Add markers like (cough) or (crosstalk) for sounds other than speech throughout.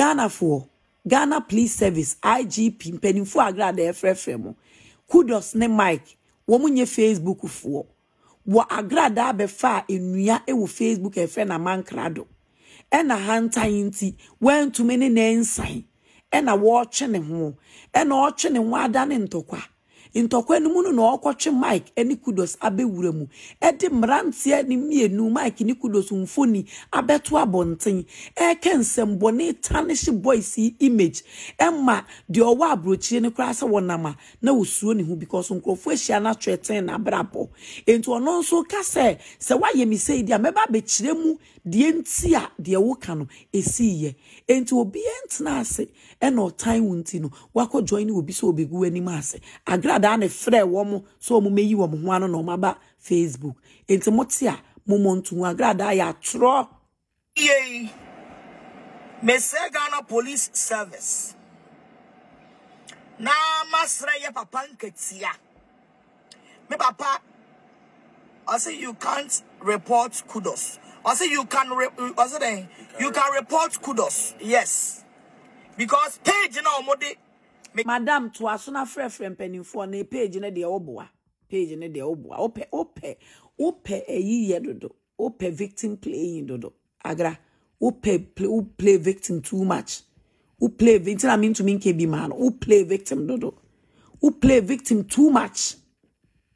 ghanafoɔ ghana police service igp agra agrada ɛfrɛfrɛ mu kudos ne mike wɔn nyɛ facebook foɔ wɔ agrada abɛfa a ɛwɔ wɔ facebook ɛfrɛ na mankrado ɛna hantan nti wɛntumi ne ne ɛna wɔretwe ne ho ɛna ɔretwe ne ho ada ne ntɔkwa. ntɔkwa no mu no na ɔkɔtwe mike ne kudos abɛwura mu de mmeranteɛ ne mmienu mike ne kudos mfoni abɛto abɔnten ɛrekɛ nsɛmbɔne tarnish boys yi image ma deɛ ɔwɔ aburokyire no koraa sɛ wɔnam a na wɔsuro ne ho because nkurɔfoɔ ahyia no atwerɛtɛn n'abrabɔ nti ɔno nso ka sɛ sɛ woayɛ me sɛ di a mɛba abɛkyerɛ mu deɛ nti a deɛ woka no ɛsiiyɛ nti obiara ntena ase ɛna ɔtan wo nti no wakɔ join obi sɛ obɛgu w'anim ase agra nkwadaa na frɛ wɔn so wɔn mɛyi wɔn ho ano na wɔn aba facebook nti mo te a mo mɔ ntoma agradaa yɛ atwerɛ. yie yi mesɛ ghana police service na masrɛ yɛ papa nketea me papa ɔsɛ you can't report kudos ɔsɛ you can re ɔsɛ dɛ you can report kudos yes because page na wɔn de madam toa so na frɛfrɛ mpanimfoɔ na page no deɛ woboa page no deɛ woboa wopɛ wopɛ wopɛ ayiyɛ e dodo wopɛ victim playing dodo agra wopɛ play woplay victim too much woplay nti na mentumi nkɛ bi maa no woplay victim dodo woplay victim too much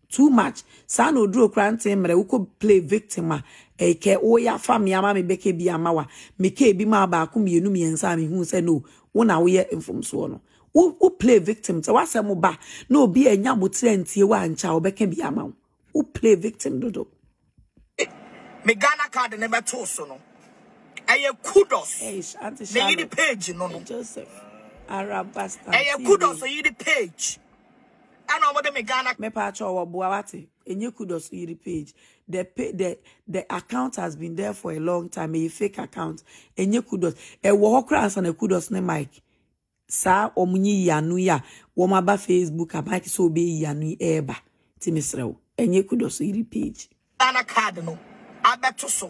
too much saa na oduro kora nte mmerɛ wokɔ play victim a ɛkɛ e ama me mmeama mebɛkɛ bi ama wa mekɛ bi ma baako mi ensa mi mehu se no wo na woyɛ mfomsoɔ no Who wo play victim sɛ wasɛm ba na obi a nya abotire ntie and ankyɛ a wobɛka bi ama wo play victim dodo eh, me Ghana card never bɛtoo so no ɛyɛ kudos na yi de page no no Aye kudos yi de page ɛna ɔmɔde me pa mepa atwa ɔwɔ buawate enye kudos yi de page the pay the the account has been there for a long time a fake account enye kudos ɛwɔ hɔ kura ansa kudos ne Mike saa wɔn yanu ya. a wɔn aba facebook abaaki sɛ ɔbɛyi yanu eba. ɛɛba ti mi srɛ kudo so yiri page. Ana card no abɛto so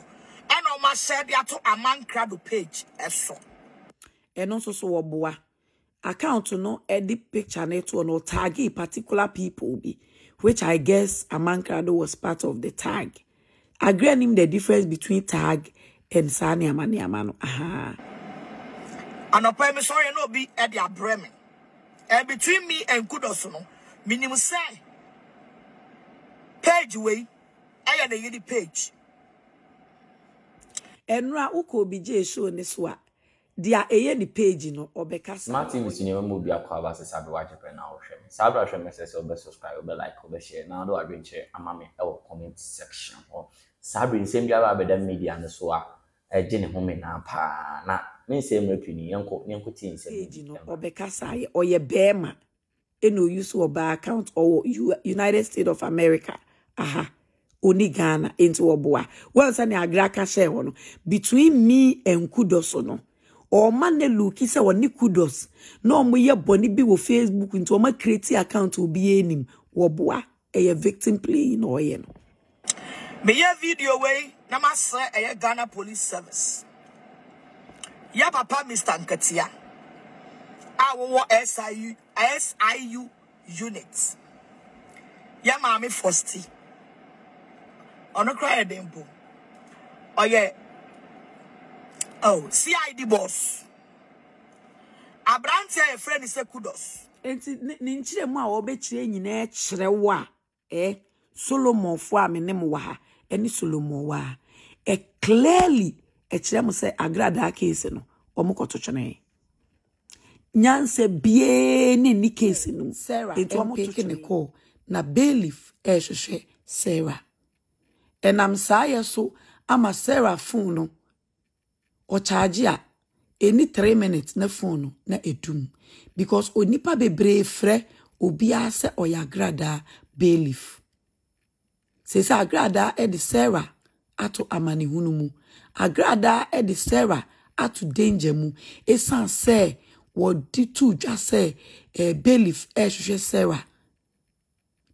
ɛna wɔn ahyɛ de ato amankrado page Eso. Eno nso so wɔboa account no Edit picture no ɛtoɔ no ɔtaage particular people bi which i guess amankrado was part of the tag agree anim the difference between tag and saa nneɛma nneɛma no ahaa. And anɔpa mi sɔre na be at abrɛ me and between me and Kudosuno, no minim say, page I am the yɛde page. ɛnura uko obi gye show ne so a deɛ ɛyɛ ne page no ɔbɛka sa. smart tv si nneɛma mu bi akɔ aba sɛ sábɛ wagye pɛ na ɔhwɛ mi sábɛ ahwɛ mi sɛ sɛ ɔbɛ subscribe ɔbɛ like ɔbɛ share na ɔdɔ adwenkyerɛ ama mi ɛwɔ comment section hɔ sábɛ nsɛm biara abɛda media ne so a ɛgye ne ho mi na paa na ne nsɛm rapi ni yɛnkɔ yɛnkɔ tie nsɛm page no ɔbɛkasa ayɛ ɔyɛ bɛrima ɛna oyi so ɔbaa account ɔwɔ united states of america aha oni ghana nti wɔboa well sɛnea agra ka hyɛ no between me and kudos no ɔma ne luki sɛ ɔne kudos na ɔmoyɛ bɔne bi wɔ facebook nti ɔma create account obi anim wɔboa ɛyɛ victim play na ɔyɛ no meyɛ video wei na masrɛ ɛyɛ ghana police service ya papa Mr. Nketia a wɔwɔ SIU SIU unit ya maame Fosti ɔno kora yɛ den po ɔyɛ oh CID boss aberanteɛ yɛ frɛ ne sɛ kudos. Enti ne nkyerɛ mu a wɔbɛkyerɛ nyinaa kyerɛ wo a eh e Solomonfoɔ e e a me ne mo wɔ ha ɛne Solomon wɔ ha ɛ clearly ɛkyerɛ mo sɛ agradaa case no ɔmokɔto kyene nyansa biee ne ni case no mu nti ɔmoto kyene na bailiff ɛrehwehwɛ sarah ɛnam saa yɛ so ama sarah phone no ɔkyaagye a ɛni three minutes na phone no na ɛdum because onipa bebree frɛ obiara sɛ ɔyɛ agradaa bailiff sese agradaa de sarah ato amanehunu mu agradaa de sarah atoda ngya mụ ịsan sɛ wɔde too dwa sɛ bailif rehwehwɛ sarah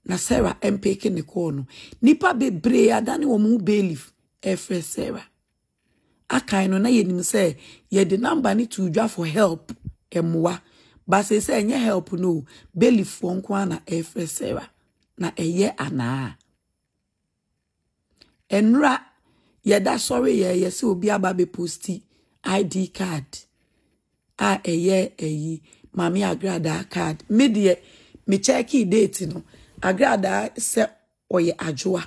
na sarah mpeke ne kɔɔ no nnipa bebree adane wɔn ho bailif ɛfrɛ sarah akan no na yɛnim sɛ yɛde namba ne too dwa for help mmoa basee sɛ ɛnyɛ help no belif wɔn nko ara na ɛfrɛ sarah na ɛyɛ anaa nnura yɛda sɔre yɛyɛ sɛ obi aba bɛposti id card a ɛyɛ ɛyi maame agradaa card me deɛ mekyɛɛkee date no agradaa sɛ ɔyɛ adwoa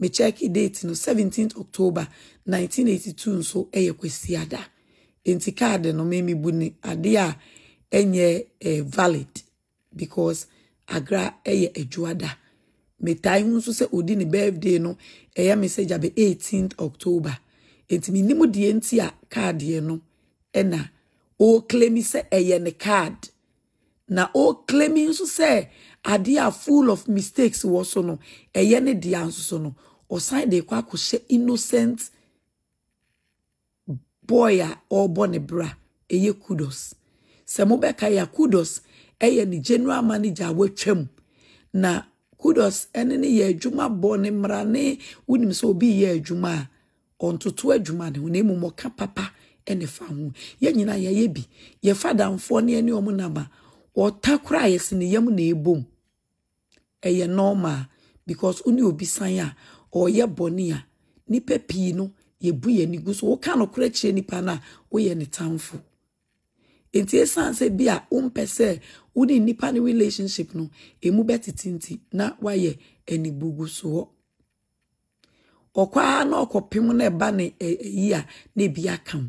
mekyɛɛkee date no 17 october nineteen eighty two nso ɛyɛ kwasiada nti card no mɛmi bu ne adeɛ a ɛnyɛ eh, valid because agra ɛyɛ adwoada metae ho nso sɛ ɔdi ne birthday no ɛyɛ me sɛ gyabe 18 october nti mi nim deɛ nti a kaadeɛ no ɛna ɔreklemi sɛ ɛyɛ ne card na ɔreklemi nso sɛ adeɛ a full of mistakes wɔ so no ɛyɛ ne deɛ nso so no ɔsan de kɔ akɔhyɛ innocent boy a ɔrebɔ ne bra ɛyɛ kudos sɛ mobɛka yɛ kudos ɛyɛ ne general manager a watwa mu na kudos ɛne ne yɛ adwuma bɔ ne mmara ne wonim sɛ obi yɛ adwuma a ɔntoto adwuma ne ho na emu ɔka papa ne fa ho yɛn nyinaa yɛyɛ bi yɛfa danfoɔ ne ne wɔn nam a ɔta kora a yɛsi ne yam na ebom ɛyɛ normal because wɔn ne obi san a ɔyɛ bɔne a nipa pii no yɛbu yɛn ni gu so wɔka no kora kyerɛ nipa na wɔyɛ ne tamfo nti esan sɛ bi a wɔmpɛ sɛ wɔn ne nipa relationship no emu bɛ nti na wɔayɛ anibu gu so hɔ. ɔkɔa na ɔkɔpem na ɛba ne ɛyi a na ebi aka ho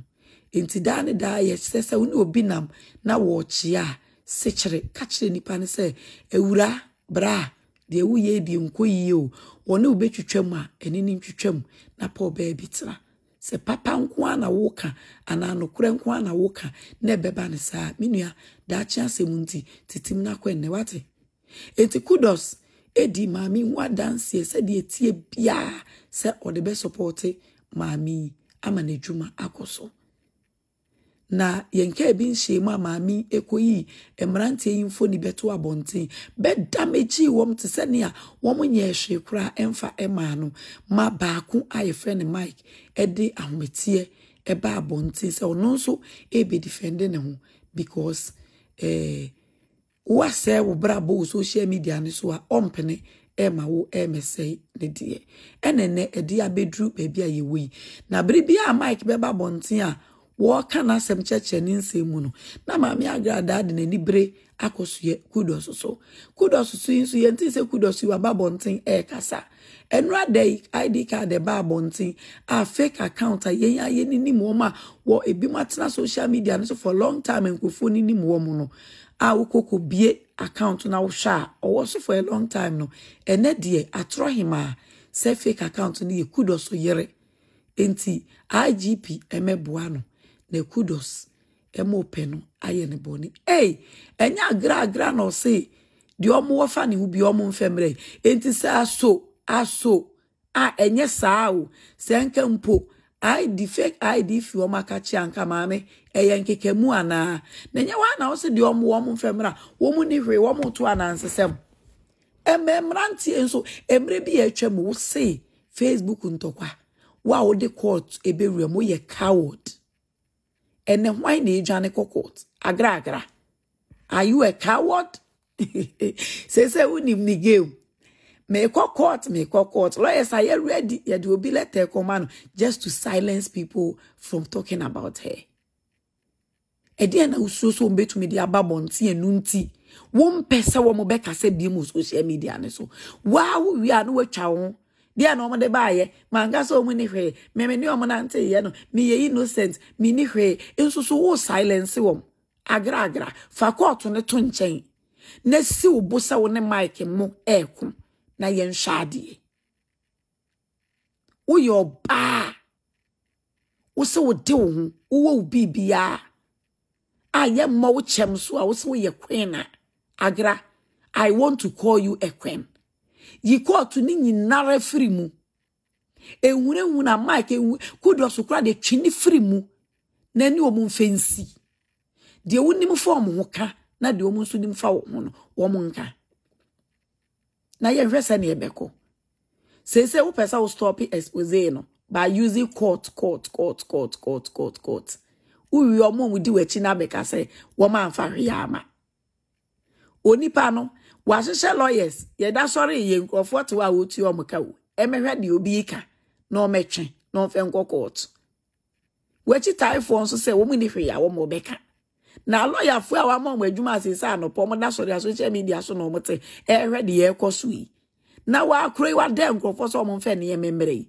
nti daa ne daa yɛ kyerɛ sɛ wo obi nam na wɔɔkyea a sekyere ka kyerɛ nipa no sɛ awura bra deɛ woyɛ deɛ nko yie o wɔne wobɛtwitwa mu a ɛne ne ntwitwa mu na pa ɔbaa bi tena sɛ papa nko a na woka anaa nokorɛ nko a na woka na ɛbɛba ne saa me nua daakye asɛm nti titim no akɔ ɛnnɛ wate enti kudos ɛdi maame ho adanseɛ sɛdeɛ tie biara sɛ ɔde bɛsɔpɔɔte maame yi ama n'adwuma akɔ so na yɛn kaa bi nhyiamu a maame ekɔ yi mmeranteɛ yi mfoni bɛto abɔnten bɛdamegye wɔn te sɛnea wɔn nyɛ hwee koraa ɛmfa ɛmaa no ma baako a yɛfrɛ no mike ɛde ahometeɛ ɛba abɔnten sɛ ɔno nso ɛɛbɛ difɛnde ne ho because ɛɛɛ. Eh, woasɛe wo brabɔ wo social media no so a ɔmpene ɛma wo ɛmɛsɛe ne deɛ ɛna nnɛ ɛde abɛduru baabi a yɛwɔ yi na bere bi a mike bɛba abɔnten a wɔɔka n'asɛm kyerɛkyerɛ ne nsɛm mu no na maame agradaa de n'ani bere akɔ so yɛ kudos so kudos so yi nso yɛn ti sɛ kudos yi waba abɔnten ɛɛkasa nnura da id card ɛba abɔnten a fake account a yɛn ayɛ ne nim wɔn a wɔ ebi mu atena social media no so for long time nkurɔfoɔ ne nim wɔn no a wokɔkɔ bie account na wohwɛ a ɔwɔ so for a long time no ɛnɛ deɛ atorɔ him a sɛ fake account no yɛ kudos yere nti igp ɛmɛboa no na kudos ɛma ɔpɛ no ayɛ ne bɔne ei ɛnyɛ agragra na ɔse deɛ ɔmo wɔfa ne ho bi ɔmo mfɛ mmerɛ enti sɛ aso aso a ɛnyɛ saa o sɛ nka mpo id fake id fi wɔn aka anka maame ɛyɛ nkekamu anaa na nyɛ wɔn na ɔse deɛ ɔmo wɔn mfɛ mmerɛ a wɔn ni hwee wɔn to anansesɛm ɛmɛ mmeranteɛ nso mmerɛ bi yɛ atwa mu wɔ facebook ntɔkwa wo a wode court ebewura mu yɛ coward ɛnɛ hwan na edwane kɔ court agragra are you a coward sese wunim ni game mekɔ court mekɔ court lawyers are you ready yɛde obi letter ɛkɔma no just to silence people from talking about her ɛdeɛ na wosuo so wɔmbɛtumi de aba bɔnte ɛnu nti wɔmpɛ sɛ wɔn bɛkasa bi mu social media ne so waa wowie a na wɔatwa wɔn deɛ na ɔmode baayɛ manka sɛ ɔmu ne hwee meme ne ɔmo nanteeɛ no meyɛ innocent menni hwee nso so wo silence wɔm agraagra fa kɔɔto ne to nkyɛn na si wo bo sɛ wo ne mike mu ɛɛko e na yɛnhwɛ adeɛ woyɛ ɔbaa wo sɛ wode wo ho wowɔ wo biribiaa a yɛmma wo kyɛm so a wo sɛ woyɛ queen a agra i want to call you a yi kɔɔto ne nyinara firi mu ehunahuna mic ehu kudɔso kora de twi ne firi mu n'ani wɔn mfe nsi deɛ wonim fa wɔn ho ka na deɛ wɔn nso nim fa wɔn ho no wɔn nka na yɛhwɛ sɛ ne yɛbɛkɔ seesei wopɛ sɛ wo stop expose no by using court court court court court court court wowie ɔmo a wodi w'akyi na abɛka sɛ wɔn amfa hwee ama onipa no. wahyehyɛ lawyers yɛda sɔre yɛ nkurɔfoɔ te hɔ a wɔtu ɔmo ka ɛmɛhwɛ deɛ obi ka na ɔmɛtwe na ɔmfɛ nkɔ kɔɔto wɔakyi taaefoɔ nso sɛ wɔn ni hwee a wɔn na lɔyafoɔ a wɔama wɔn adwuma asesa anɔpɔ wɔn da sɔre a social media so na wɔn te ɛrehwɛ yi na wakoro yi nkurɔfoɔ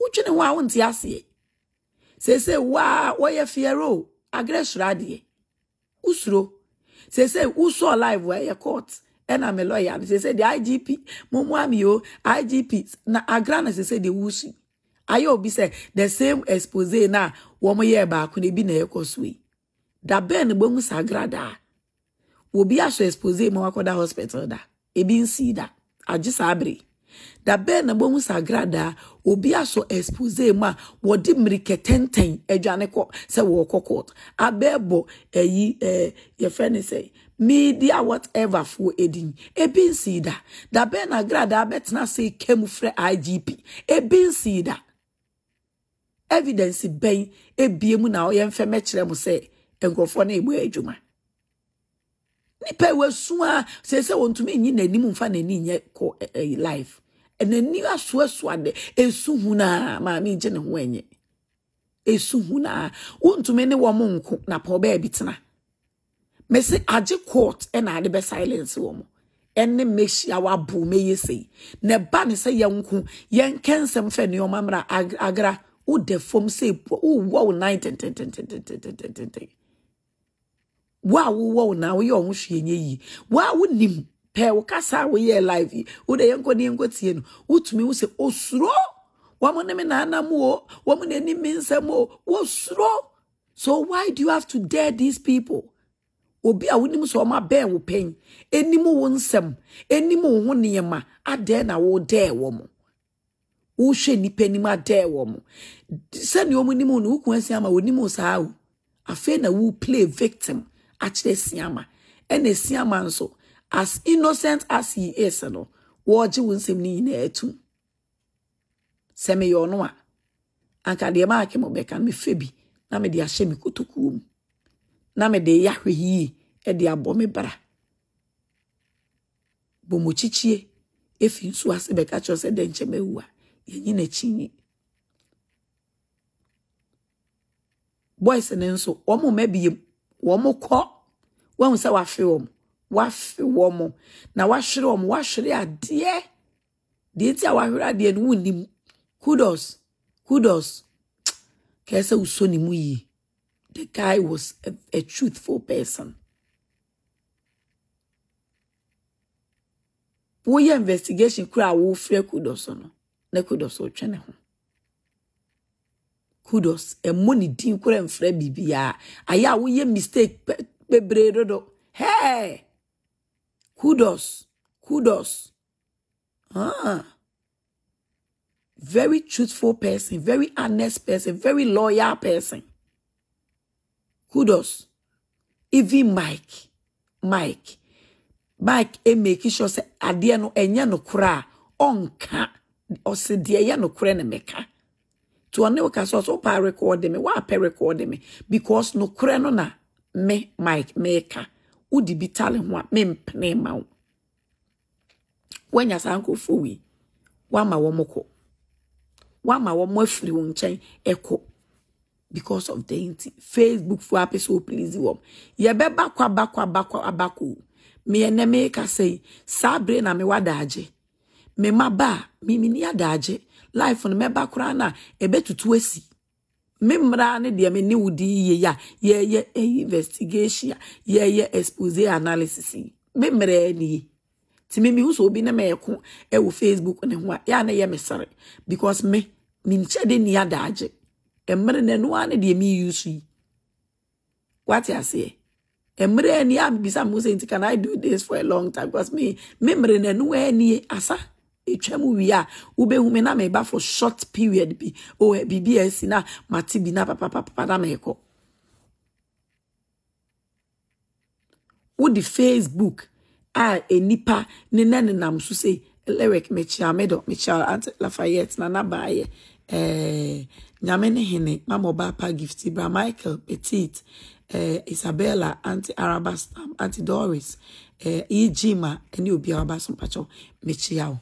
wotwene ho a wonte aseɛ seesei wo a wɔyɛ fiɛre o agrɛsoro adeɛ wosuro seesei wosɔɔ live wɔ ɛyɛ court ɛna me lɔya no seesei deɛ igp momu ami o igp na agra na seesei deɛ wusu ayɛ obi sɛ the same expose na wɔn yɛ baako na ebi na ɛkɔ so yi da bɛn ne bɔn sa agra daa obi ahyɛ expose ma wakɔda hospital da ebi nsi da agye saa abiri. dabere na gbonwu sagrada obi aso expose mu a wɔde mmirika tenten adwane kɔ sɛ wɔrekɔ court abɛɛbɔ ayi ɛɛ yɛfrɛ ne sɛ media whatever for edin ebi nsi da dabere na agrada abɛtena se kɛm frɛ igp ebi nsi da evidence bɛn ebie mu na ɔyɛ mfɛmɛ kyerɛ mu sɛ nkurɔfoɔ no ebu adwuma. nipa ewa su a sese wɔntumi nyi n'anim nfa n'ani nyɛ kɔ ɛɛ life n'ani asoasoa de esu hu na maame gye ne ho ɛnyɛ esu hu na wɔntumi ne wɔn nko na pɔ bɛɛ bi tena se agye court ɛna ade bɛ silence wɔn ɛne mmehyia wabo meyɛ sei na ba ne se yɛn nko yɛn kɛnsɛm fɛ nneɛma mmerɛ agra woda fam sɛ wowɔ wo nan tentententententententen wo a wowɔ wo na woyɛ ɔho hwee nyɛ yie wo a wonim pɛɛ wo kasa a woyɛ live yi wode yɛnkɔ ne yɛnkɔ tie no wotumi wo sɛ osuro wɔm ne me naanam o wɔm ne anim me nsɛm o wɔsuro so why do you have to dare these people obi a wonim sɛ ɔma bɛn wo pɛn anim wo nsɛm anim wo ho nneɛma adɛn na wodɛɛ wɔ mo wohwɛ nnipa anim adɛɛ wɔ mo sɛnea ɔmo nim no wokua si ama wɔnim saa o afei na wo play victim akyerɛ siama ɛna siama nso as innocent as he is no wɔregye wɔn nsɛm ne nyinaa atum sɛ meyɛ ɔno a anka deɛ maa kɛmɛ bɛka no mefɛ bi na mede ahyɛ me kotokuo mu na mede yɛ ahwɛ yie ɛde abɔ me bra bomokyikyie efi nsu ase bɛka kyerɛ sɛ dɛ nkyɛn ewu a yɛnyi n'akyi nyi boys ne nso wɔn mma bi yɛ mu wɔn kɔ wɔn sɛ wafe wɔn wafe wɔn na wahwere wɔn wahwere adeɛ deɛ ti a wahwere adeɛ no nim, kudos kudos kɛɛ sɛ ne mu yie the guy was a, a truthful person. woyɛ investigation koraa a wofrɛ kudos no na kudos ɔtwe ne ho kudos ɛmmɔ ne din kora mfrɛ biribiaa ayɛ a woyɛ mistake bebree dodo hey kudos kudos ah very truthful person very honest person very loyal person kudos even mike mike mike emeki sure sɛ adeɛ no ɛnyɛ no koraa ɔnka ɔsɛ deɛ ɛyɛ no korɛ ne mɛka nti ɔne wo ka sɛ ɔsɛ wopaa rekɔɔde me woapɛ rekɔɔde me because nokorɛ no na me mike meka wode bi tale ho a mempene ma wo woanya saa nkurɔfoɔ wei woama wɔm kɔ woama wɔm afiri wo nkyɛn ɛkɔ because of the nti facebook fo apɛ sɛ oplease wɔm yɛbɛba kɔ abakɔ abakɔ abakɔ meɛ nɛ meeka sɛ saa bere na mewɔ adagye me maba a mimi ni adagye life no mɛba koraa na, a ɛbɛtutu asi me mmara ne deɛ me ne wo di yie a yɛyɛ investigation a yɛyɛ expose analysis yi me mmerɛ ni yi ti me mihu sɛ obi ne mɛɛko ɛwɔ facebook ne ho a na ne me sere because me menkyɛ de nni adaagye mmerɛ no ɛnoa ne deɛ meyi so yi wate aseɛ mmerɛ ani a bisa mo sɛ nti can i do this for a long time because me me ne no ɛnoa nie asa ɛtwam wie a wobɛhu me na meba for short period bi ɔ biribi a asi na mate bi na papapapa na meekɔ wode facebook a ɛnipa e ne ne nenam so sɛ lyric mekyia medɔ mekyia at lafayette na nabaayɛ eh, nyame ne hene mama ɔbaapa gift bra michael petit eh, isabella anti araba stam anti doris eh, ejima ɛne obiara ɔba so mpakyɛw mekyia wo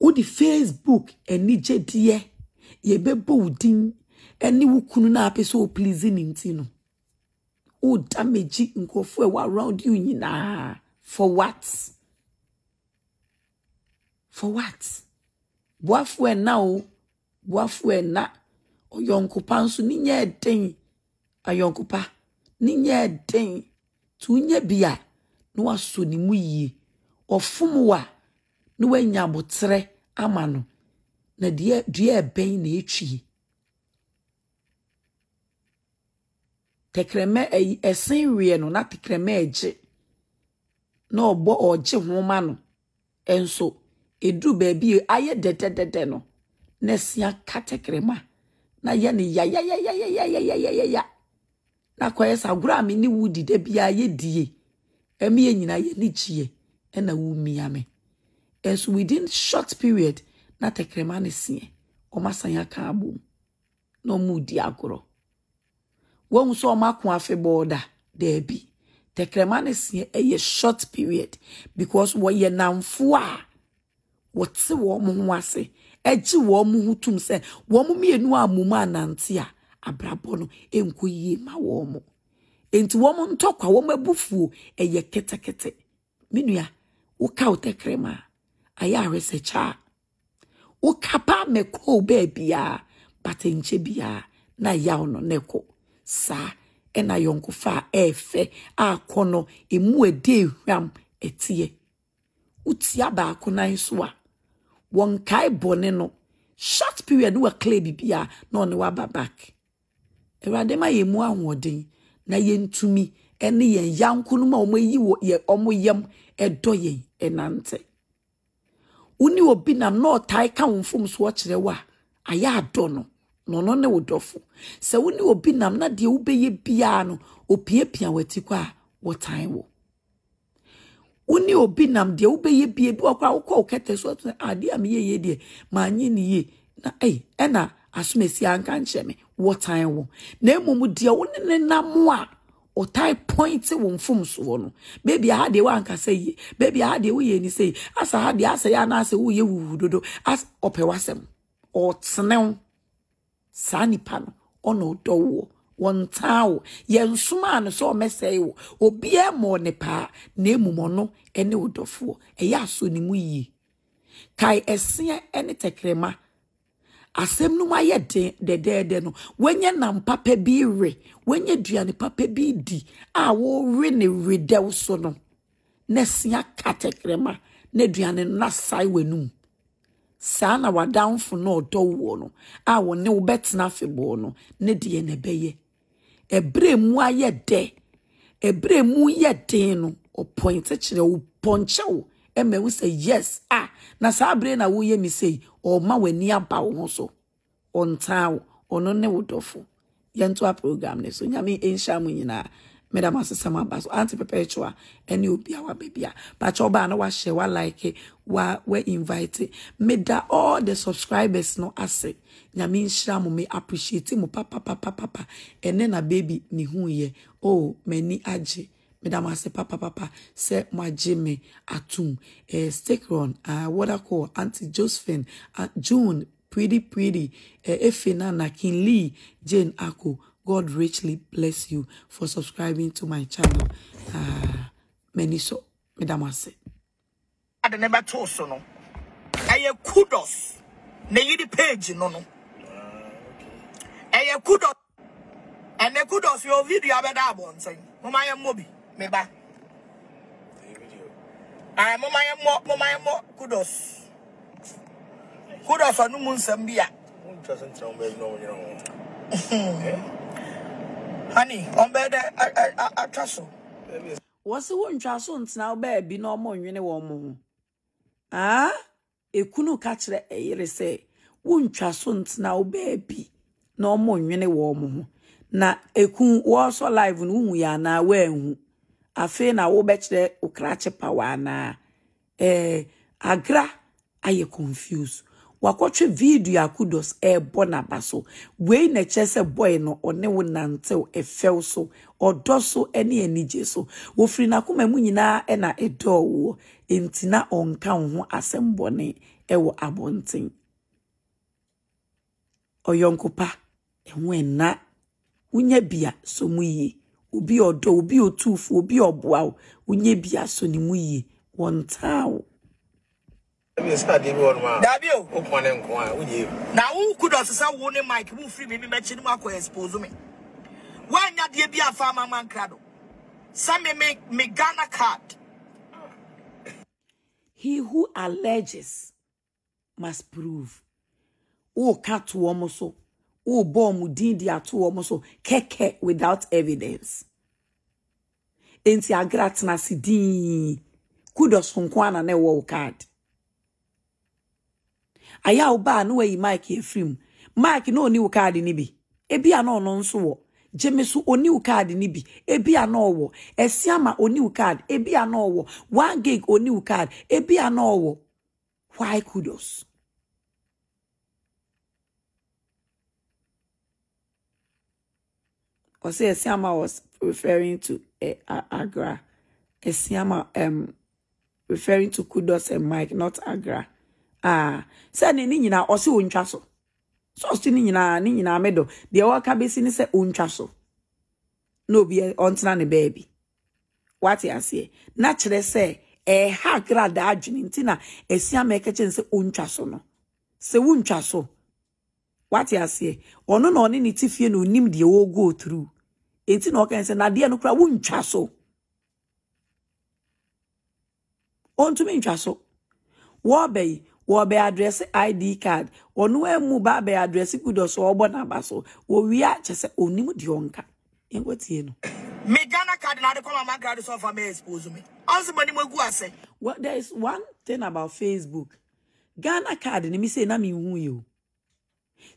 wode facebook ani gyedeɛ yɛbɛbɔ wo din ne wo kunu no apɛ sɛ ɔpilizi ne nti no wodamagyi nkurɔfoɔ a ɛwɔ around you nyinaa for what for what boafoɔ ɛna o boafoɔ ɛna ɔyɔnkopa nso ne nyɛ ɛden ayɔnkopa ne nyɛ ɛden to wonya bi na wasɔ ne mu yie ɔfom wa na woanya aboterɛ ama no na dua ɛbɛn na etwie tɛkrɛmɛ ɛyi ɛsen weɛ no na tɛkrɛmɛ ɛgye na ɔbɔ ɔgye nwoma no ɛnso ɛduru baabi ayɛ dɛdɛdɛdɛ no na ɛsia ka tɛkrɛmɛ na yɛ ne yayayayayayayayaya na akɔyɛ sɛ agorɔ a me ne wo dida biara yɛdie ɛmi yɛ nyinaa yɛ ne gyeɛ ɛna wo mmia as within short period na tekrema ne seɛ ɔmasanya ka abom na ɔmo di agorɔ wɔn nso ɔmo ako afebɔɔ da daabi tekrema ne seɛ ɛyɛ short period because wɔyɛ namfo a wɔte wɔn ho ase ɛgye wɔn ho tum sɛ wɔn mmienu a mo anante a abrabɔ no nkɔ yie ma wɔn nti wɔn ntɔkwa wɔn abufuo ɛyɛ ketekete minua woka wo tekrema ayɛ aresɛkyɛ e e a wokapa mɛkɔ wo baabiaa bata biaa na yaw no na ɛkɔ saa ɛna yɔnkofa a ɛɛfɛ akɔ no emu ɛde ehwam ɛteɛ wotia baako nan so a wɔnkae bɔne no short period wɔ clear bibia na ɔne waba back e awurade ma yɛn mu ahoɔden na yɛn tumi ɛne yɛn yanko no ma wɔn ayi wɔ yɛ wɔn yam ɛdɔ yɛn ɛnante. wone obi na na ɔtae ka wo mfomsoɔ kyerɛ wo a ayɛ adɔ no na ɔno ne wo dɔfo sɛ wone obi nam na deɛ wobɛyɛ biaa no opiapia w'ati kɔ a wɔtae wo wone obi nam deɛ wobɛyɛ bia bi wɔkɔ a wokɔ wo kɛtɛ so ɔtena adeɛ a meyɛ yie deɛ maanyɛ ne yie na ɛyi ɛna asomasi anka nkyɛ me wɔtae wo na mmom deɛ wo ne ne nam a ɔtae point wɔ soɔ no beebi aha deɛ wankasa yie beebi aha deɛ woyɛ ni sɛ asa ha deɛ asɛ yɛ anaasɛ woyɛ wuwu dodo as ɔpɛ wasɛm ɔtenew saa nipa no ɔna ɔdɔ wo wɔntaa wo yɛn soma a no sɛ ɔmɛsɛe wo ne paa na emum ɔno ne ɔdɔfoɔ ɛyɛ aso ne mu yie kae ɛseɛ ne tɛkrɛma asɛm no wayɛ den dɛdɛɛdɛ no wanyɛ nam papa bi re wanyɛ duane papa bi di a wɔre ne redɛw so no na sia ka tɛkrɛma na aduane no nasae w'anum saa na wadamfo no ɔdɔ woɔ no a wɔne wo bɛtena afebɔɔ no ne deɛ na ɛbɛyɛ ɛberɛ mu ayɛ dɛ ɛberɛ mu yɛ den no ɔpɔnte kyerɛ wo pɔnkyɛ wo ɛma wo sɛ yes a na saa berɛ na woyɛ mi sɛ ɔma w'ani aba wo ho so ɔntaa wo ɔno ne wo dɔfo yɛntoa program ne so nyame ɛnhyia mu nyinaa meda mo asesɛm aba so ante pɛpɛɛkyewa ɛne obi a wabɛbi a pakyɛ ɔbaa na wahyɛ walike wa wainvite meda all the subscribers no ase nyame nhyira mo me appreciate mo papapapapa ɛnɛ na baby ne huyɛ o oh, m'ani agye madam papa papa, sɛ moagye me atom eh, sticron uh, ah, watercall Auntie josephine uh, june pretty pretty uh, eh, efenana kinley jane ako god richly bless you for subscribing to my channel uh, ah, mani so madam ase ade never bɛtoo so no ɛyɛ kudos na yiri page no no ɛyɛ kudos ɛnɛ kudos yɛ ovidio abɛda abɔnten momayɛ mmɔ bi me ba. Ah, mama ya mo, mama ya mo, kudos. Kudos anu mun sambia. (laughs) Honey, on bed I eh, eh, eh, trust so. Wasi wo ntwa so ntena wo ba bi na omo nwene wo mo. Ah? Ekunu ka kire eyire se wo ntwa so wo bi na omo nwene wo Na ekun wo so live no hu ya na wa ehu. afei na wobɛkyerɛ wokrakye pawa anaa ɛɛ eh, agra ayɛ confuse wakɔtwe video akudos ɛɛbɔ n'aba so wei na ɛkyerɛ sɛ bɔi no ɔne wo nantew ɛfɛw so ɔdɔ so ɛne anigye so wɔfiri n'akoma mu nyinaa ɛna ɛdɔɔ woɔ nti na ɔnka wo ho asɛm bɔne ɛwɔ abɔnten ɔyɔnkopa ɛho ɛna wonya bia so mu yie obi ɔdɔ obi ɔtuufo obi ɔboa wo wonyɛ bi asɔ ne mu yie wɔntaa wo dabi o na woku dɔ sesa wo ne mike womfiri me memɛkyi ne mu akɔ expose me woanya deɛ bi afa amama nkra do sɛ me me, me ghana card he who alleges must prove woka to wɔ so wo bom din di ato wo so keke without evidence enti agra tena si din kudos nko ana na wo card aya wo ba na wayi mike efrim mike na oni wo card ni bi ebi ana ono nso wo jeme so oni wo card ni bi ebi ana owo esi ama oni wo card ebi ana owo one gig oni wo card ebi ana owo why kudos or say Esiama was referring to uh, Agra. Esiama um, referring to Kudos and Mike, not Agra. Ah, say ni ni nyina osi ontwa so. So osi ni nyina ni nyina medo. The waka besi ni say ontwa so. No be eh, ontena ne baby. What you say? Na kire say eh ha Agra da adwene ntina Esiama ekeche say ontwa so no. Say wontwa so. What you say? Ono na one ni tifie no nim de wo go through. eti na ɔka sɛ nadeɛ no kora wontwa so ɔntumi ntwa so wɔɔbɛyi wɔɔbɛyi adrɛse id card ɔno amu ba abɛyi adrɛse kudɔ so ɔbɔ n'aba so wɔwia kyɛ sɛ onim oh, deɛ ɔnka nkwatie no. me Ghana card na adekɔ mama card so ɔfa mɛ expose me ɔnso bɔ ne mu egu ase. well there is one thing about facebook Ghana card ni mi se na mi hu yi o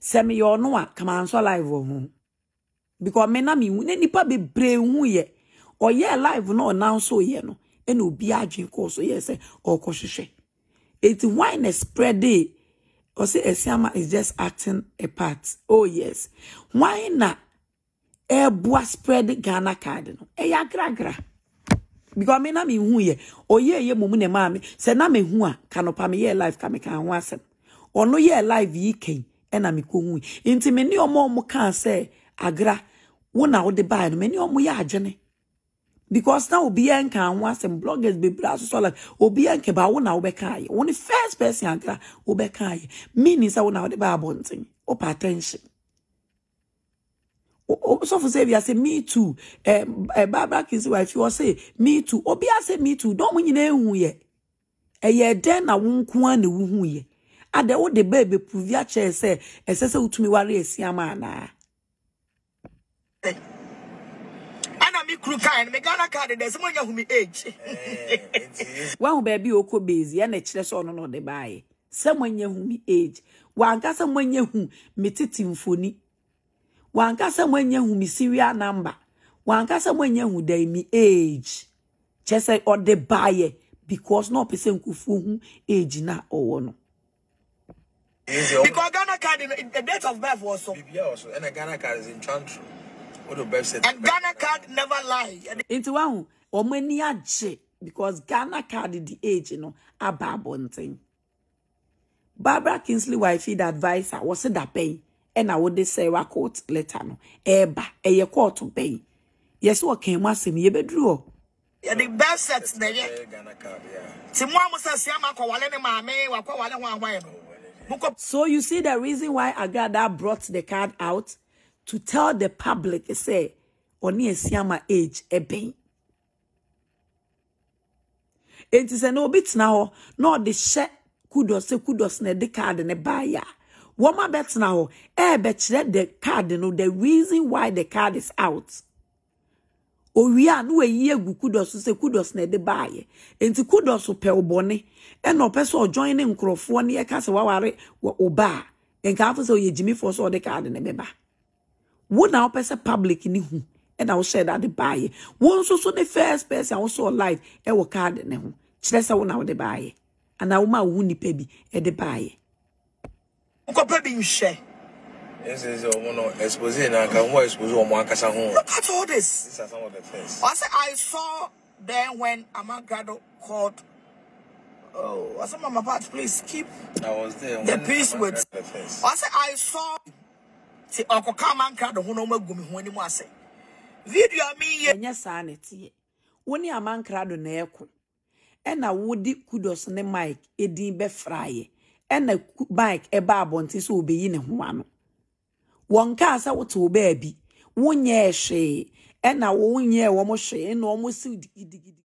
sɛ mi yɛ ɔno a kama n live wɔ oh, ho. Oh. because me na me hu ne nipa bebree hu ye ɔyɛ live na ɔnan so yɛ no no, obi agye kɔ so yɛ sɛ ɔkɔ hwehwɛ eti why na spread it ɔsɛ Esiama is just acting a part oh yes why na ɛɛboa spread Ghana card no gra gra. because me na me hu yɛ ɔyɛ mumu ne ma maame sɛ na me hu a kanopa me yɛ live ka me ka ho asɛm ɔno yɛ live yi kɛn ɛna me kɔ hu nti me ne ɔmo ɔmo kan sɛ agra wo na wode baeɛ no m'ani ɔmo yɛ agyene because na obiara enka ho asɛm bloggers be bebree so like obiara enka ba wo na wobɛka ayɛ wo ne first person agra wobɛka ayɛ meaning sɛ wo na wode baeɛ abɔnten wopɛ attention sọfọ sẹ bi say me too ẹ ẹ barbara kinsley wa fi ọ me too obi say me too dɔn mo nyinaa ehu yɛ ɛyɛ dɛn na wɔn nkoa na ewu hu yɛ adɛ wo de bɛɛ bɛ puvi akyɛ sɛ ɛsɛ sɛ wotumi ware esi ama na. Eh. ana Ghana hu me age eh, (laughs) wahu ya na kyerɛ sɛ ɔno no de baeɛ sɛ hu age wanka sɛ moanya hu me mfoni hu serial number hu age chese because na ɔpɛ sɛ nkurɔfoɔ hu age na ɔwɔ no because Ghana card the date of birth was so. Bibia also, and a Ghana card Ghana card never lie. Into one, or many because Ghana card the age, you know, a thing. Barbara Kingsley wifey the advisor was that pay and I would say wa court letter no eba e ye to pay. Yes, what came was him ye bedrew. Yeah, the best set na ye. Timu amusa kwa wale mame wa kwa wale wa So you see the reason why Agada brought the card out to tell the public say ɔne asiama age ɛbɛn enti sɛ na obi tena hɔ na ɔde hyɛ kudos sɛ kudos na de card ne bet na wɔn e hɔ ɛɛbɛkyerɛ the card no the reason why the card is out owia a na wayi egu kudos sɛ kudos na ɛde baayɛ nti kudos pɛ ɔbɔne ɛna ɔpɛ sɛ ɔjoin ne nkorɔfoɔ ne yɛka sɛ waware wɔ ɔbaa nkaafo sɛ ɔyɛ gyimifoɔ sɛ ɔde card ne bɛba. wo na wopɛ sɛ public ne hu ɛna wohyɛ de ade baayɛ wo nso so the first person a wosɔɔ live ɛwɔ card ne ho kyerɛ sɛ wo na wode baayɛ anaa woma wohu nnipa bi ɛde expose wokɔpɛ bi nhwɛ Yes, Look at all this. This is some of the things. I said I saw them when Amagado called. Oh, I said, Mama, Pat, please keep I was there the peace with. I said I saw. ti ọkọka ma de ho na ɔmo agu me ho anim ase video a meyɛ. ɛnyɛ saa na ɛteɛ amankra do na ɛko ɛna wɔde kudos ne mic edin bɛfra yɛ ɛna mic ɛba e abɔnten so ɔbɛyi ne ho ano na na si